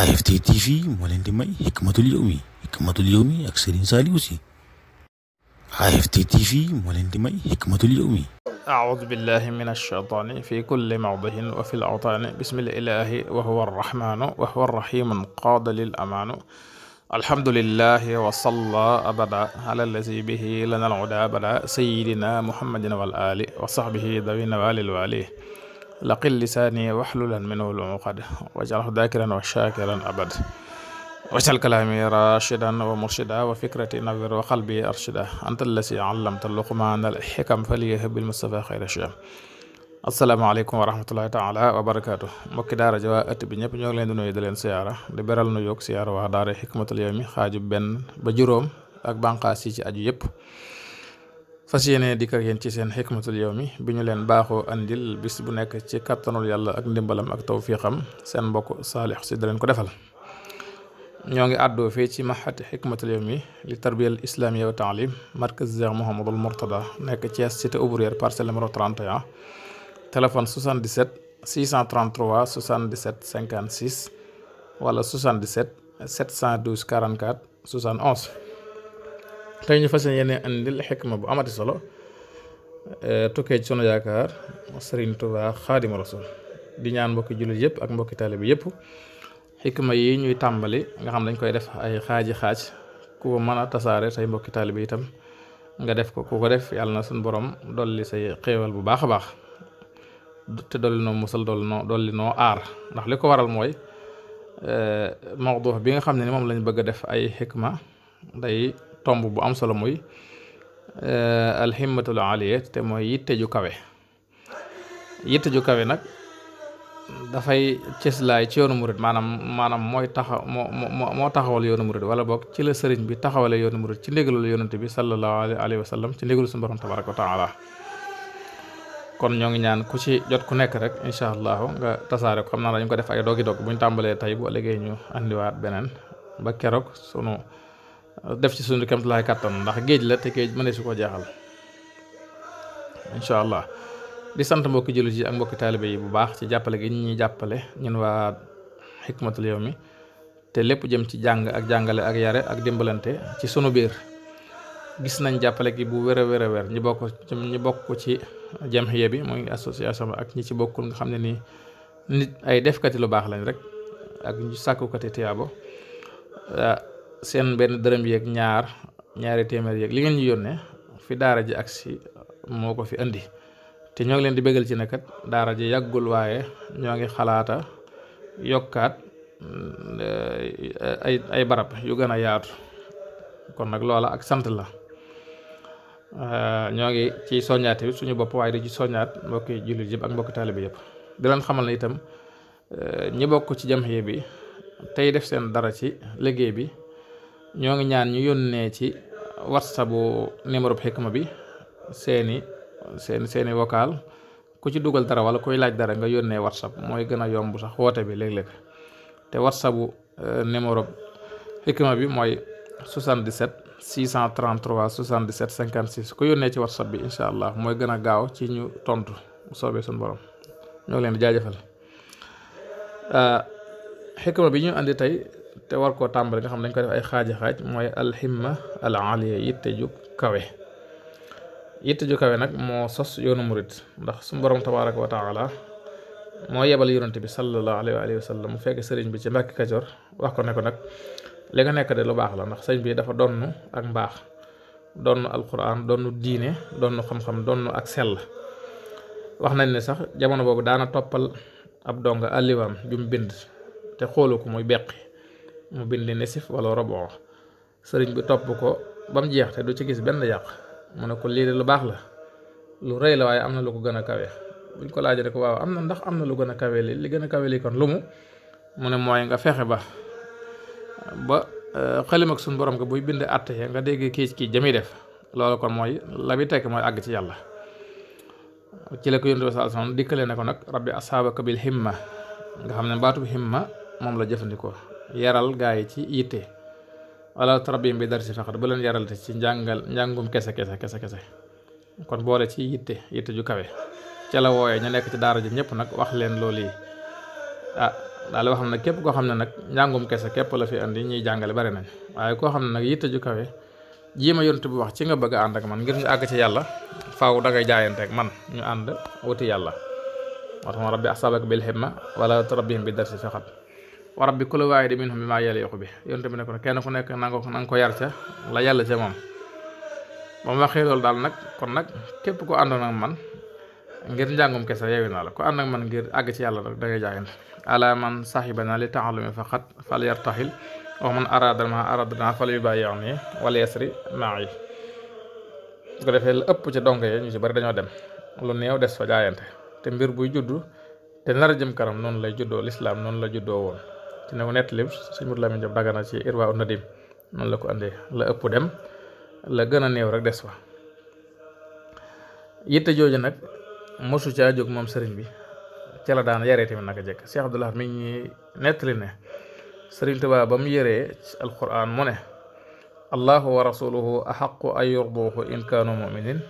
AFT TV moo leen di may Hikmatul Yawmi Hikmatul Yawmi ak Serigne Saliou Sy AFT TV moo leen di may Hikmatul Yawmi aaudu billahi min alcheytaani fi kulli mawdihin wa fi lawtaani bismil ilahi wa huwa arrahmaanu wa huwa arrahimu qaada lil amaanu alhamdulillahi wa salla abada ala allazi bihi lana al uda abada sayidina muhammadin wal ali wa sahbihi dawi nawalil wali laqil lisaani waxlulan minhu lumuqad waj'alhu daakiran wa shaakiran abad waj'al kalaami raashidan wa murshida wa fikrati nawwir wa qalbi arshida anta allasi allamta luqmaana al bil mustafa xayra shiyam asalaamaaleykum wa rahmatullahi taala wa barakaatu mbokki daara ja waa ëtt bi ñëpp ñoo ngi leen di nuyu di leen siyaara di beral nu yokk siyaara waa xikmatul yawmi xaaju benn ba juróom ak bànqaas yi ci aju yëpp fas yéene dikk ak yéen ci seen xikmatul mi bi ñu leen baaxoo andil bis bu nekk ci kàttanul yàlla ak ndimbalam ak tawfiqam seen mbokk saalix si da leen ko defal ñoo ngi àddoo fii ci mahad xikmatul mi li tarbiyal islamiya wa taalim markaz Cheikh Mouhamadul Mourtada nekk Thiès cité ouvrière parcelle numéro 31 téléphone 77 633 77 56 wala 77 712 44 71 tey ñu fas yéene andil xikma bu amati solo e, tukkee ci sunu yaakaar Sëriñ Tuubaa Xaadimu Rasuul di ñaan mbokki jullit yëpp ak mbokki taalibe bi yëpp xikma yi ñuy tàmbali nga xam dañ koy def ay xaaji xaaj ku ko mën a tasaare say mbokki taalibe itam nga def ko ku ko def yàlla na suñu borom dolli say xéewal bu baax a baax te dolli noo musal dolli noo noo aar ndax li ko waral mooy e, mawdu bi nga xam ne ni moom lañu bëgg a def ay xikma day tomb bu am solo muy eh, alhimmatul aliya te mooy yitte ju kawe yitte ju kawe nag dafay cëslaay ci yoonu murid maanaam maanaam mooy taxaw moo moo moo taxawal yoonu murid wala boog ci la sëriñ bi taxawalee yoonu murid ci ndigalul yonent bi sallallahu alayhi wa sallam ci ndigalul suñu borom tabaraka wa taala kon ñoo ngi ñaan ku ci jot ku nekk rek incha allahu nga tasaare ko am naa dañu ko def ay doggi dog bu ñu tàmbalee tey bu ëllëgee ñu indiwaat beneen ba keroog def ci suñu kamt laay kàttan ndax géej la te géej mënee su ko jeexal incha allah di sant mbokki jullit yi ak mbokki taalibe yi bu baax ci jàppale gi ñuy jàppale ñun waa Hikmatul mi te lépp jëm ci jàng ak jàngale ak yare ak dimbalante ci sunu biir gis nañ jàppale gi bu wér a wér wér ñi bokk ñi bokk ci jamhiya bi mooy association ak ñi ci bokkul nga xam ne nii nit ay defkati lu baax lañ rek ak ñu sàkkukati tiyaabo seen benn dërëm yeeg ñaar ñaari téeméer yeeg li ngeen ñu yónnee fi daara ji agsi moo ko fi indi te ñoo ngi leen di bégal ci ne daara ji yàggul waaye ñoo ngi xalaata yokkaat mm, ay barab yu gën a yaatu kon nag loola ak sant la ñoo ngi ci soññaate bi suñu bopp waaye di ci soññaat mbokki jullit yëpp ak mbokki taalibe yëpp di leen xamal ne itam eh, ñi bokk ci jamhiya bi tey def seen dara ci liggéey bi ñoo ngi ñaan ñu yónnee ci whatsapp bu numéro Hikma bi seeni seen seeni vocal ku ci dugal dara wala kuy laaj dara nga yónnee whatsapp mooy gën a yomb sax woote bi léeg-léeg te whatsapp bu euh, numéro Hikma bi mooy 77 633 77 56 ku yónnee ci whatsapp bi incha allah mooy gën a gaaw ci ñu tontu soobee suñu borom ñoo leen di jaajëfal euh, Hikma bi ñu andi tey. te war koo tàmbali nga xam dañ ko def ay xaaji xaaj mooy alximma al aliya yitte ju kawe yitte ju kawe nag moo sos yoonu murit ndax su borom tabaraka wa taala moo yebal yonante bi sallallahu alayhi wa mu fekk sëriñ bi ci Mbàkke Kajoor wax ko ne ko nag li nga nekk de lu baax la ndax sañ bi dafa donn ak mbaax donn alquran donn diine donn xam-xam donn ak sell wax nañ ne sax jamono boobu daana toppal ab dong alliwaam jum bind te xoolu ko muy beqi mu bind nisif wala robo sëriñ bi topp ko ba mu jeex te du ci gis benn yàq mu ne ko lii de lu baax la lu rëy la waaye am na lu ko gën a kawe buñ ko laajee ne ko waaw am na ndax am na lu gën a kawe li li gën a kawe li kon lu mu mu ne mooy nga fexe ba ba e, xalim ak suñu borom ko buy bind àtte nga dégg kii kii jami def loolu kon mooy la bi tekk mooy àgg ci yàlla ci la ko yónent bi sallallahu alayhi dikkale ne ko nag rabbi asaabaka bil himma nga xam ne baatub himma moom la jëfandikoo yaral gaa yi ci yitte wala tarbiyam bi dar si faqat bu leen yaral te ci njàngal njàngum kese kese kese kese kon boole ci yitte yitte ju kawe ca la wooyee ñu nekk ci daara ji ñëpp nag wax leen loolu yi ah daal wax na képp koo xam ne nag njàngum kese képp la fi andi ñuy jàngale bari nañ waaye koo xam ne nag yitte ju kawe jii ma yont bu wax ci nga bëgg ànd ak man ngir ñu àgg ci yàlla faw dangay jaayante ak man ñu ànd wuti yàlla moo tax ma rabbi asabak wala tarbiyam bi dar si wa rabbi kulli waahidin minhum bimaa yaliiqu bi yonent bi ne ko kenn ku nekk na nga ko na nga ko yar ca la yàlla ca moom ba waxee loolu daal nag kon nag képp ko àndoon ak man ngir njàngum kese yeewi naa la ko ànd ak man ngir àgg ci yàlla rek da jaayante ala man sahibana li ta'allumi faqat fal yartahil wa man arada ma aradna fal yubayi'ni wala yasri yi su ko defee la ëpp ca donk yi ñu ci bari dañoo dem lu néew des fa jaayante te mbir buy juddu te nar jëm karam noonu lay juddoo lislaam noonu la juddoo ci dina ko nettali sëñ la Lamine Diop Dagana ci Irwa un Nadim noonu la ko andee la ëpp dem la gën a néew rek des fa yitte jooju nag mosu caa jóg moom sëriñ bi ca la daan yaree tamit naka jekk Cheikh Abdoulaye mi ngi nettali ne sëriñ Tuubaa ba mu yëree alquran mu ne allahu wa rasuluhu a ay yurduuhu in kaanu muminin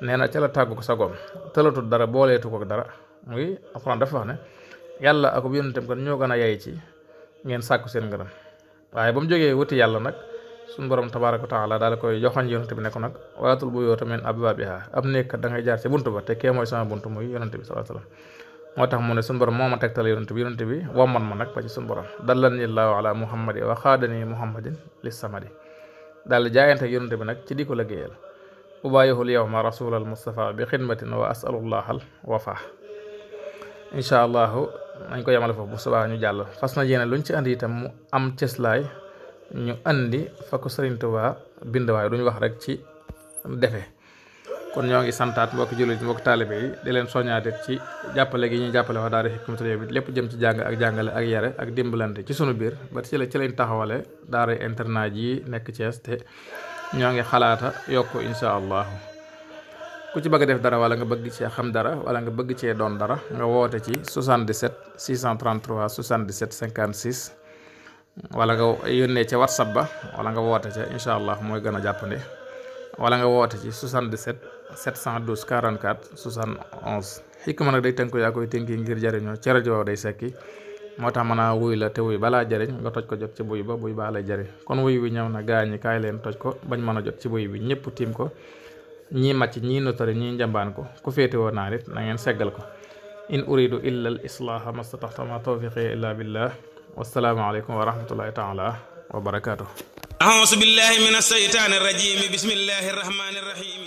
nee na ca la tàggu ko sagoom tëlatut dara booleetu ko dara muy alquran dafa wax ne yàlla ak yonentam kon ñoo gën a yaay ci ngeen sàkku seen ngërëm waaye ba mu jógee wuti yàlla nag suñu borom tabaaraka wa taala daal koy joxoñ yonent bi ne ko nag waatul bu yoo tamit abwaabiha ab nekk da ngay jaar ci bunt ba te kee mooy sama bunt muy yonent bi sallallahu alayhi wasallam moo tax mu ne suñu borom moo ma tegtal yonent bi yonent bi womman ma nag ba ci suñu borom dallani llaahu ala muhammadin wa xaadani muhammadin lis samadi jaayante yonent bi nag ci di ko liggéeyal ubaayihul nañ ko yemale foofu bu subaa ñu jàll fas na lu ñu ci andi itam mu am cëslaay ñu indi fa ko Sëriñ binduwaay bind waaye wax rek ci defe kon ñoo ngi santaat mbokki jullit mbokki taalibe yi di leen def ci jàppale gi ñuy jàppale wax daara Hikmatul Yawmi lépp jëm ci jàng ak jàngale ak yare ak dimbalante ci sunu biir ba ci la ci lañ taxawale daara internat yi nekk Cees te ñoo ngi xalaata yokk incha allah ku ci bëgg def dara wala nga bëgg cee xam dara wala nga bëgg cee doon dara nga woote ci 77 633 77 56 wala nga yónnee ca whatsapp ba wala nga woote ca incha allah mooy gën a jàppandi wala nga woote ci 77 712 44 71 xikma nag day tënku yaa koy tënki ngir jëriñoo ci rajo day sekki moo tax mën a wuy la te wuy balaa jariñ nga toj ko jot ci buy ba buy baa lay jari kon wuy wi ñëw na gaañi kaay leen toj ko bañ mën a jot ci buy bi ñëpp tiim ko ñii màcc ñii notari ñii njambaan ko ku féete woon naa nit na ngeen seggal ko in uridu illa al islaaha mastataxta ma tawfiqi illa billah wassalaamu aleykum wa rahmatullahi taala wa barakatuh auzu billahi min alseytaani arrajim bismillahi arrahmani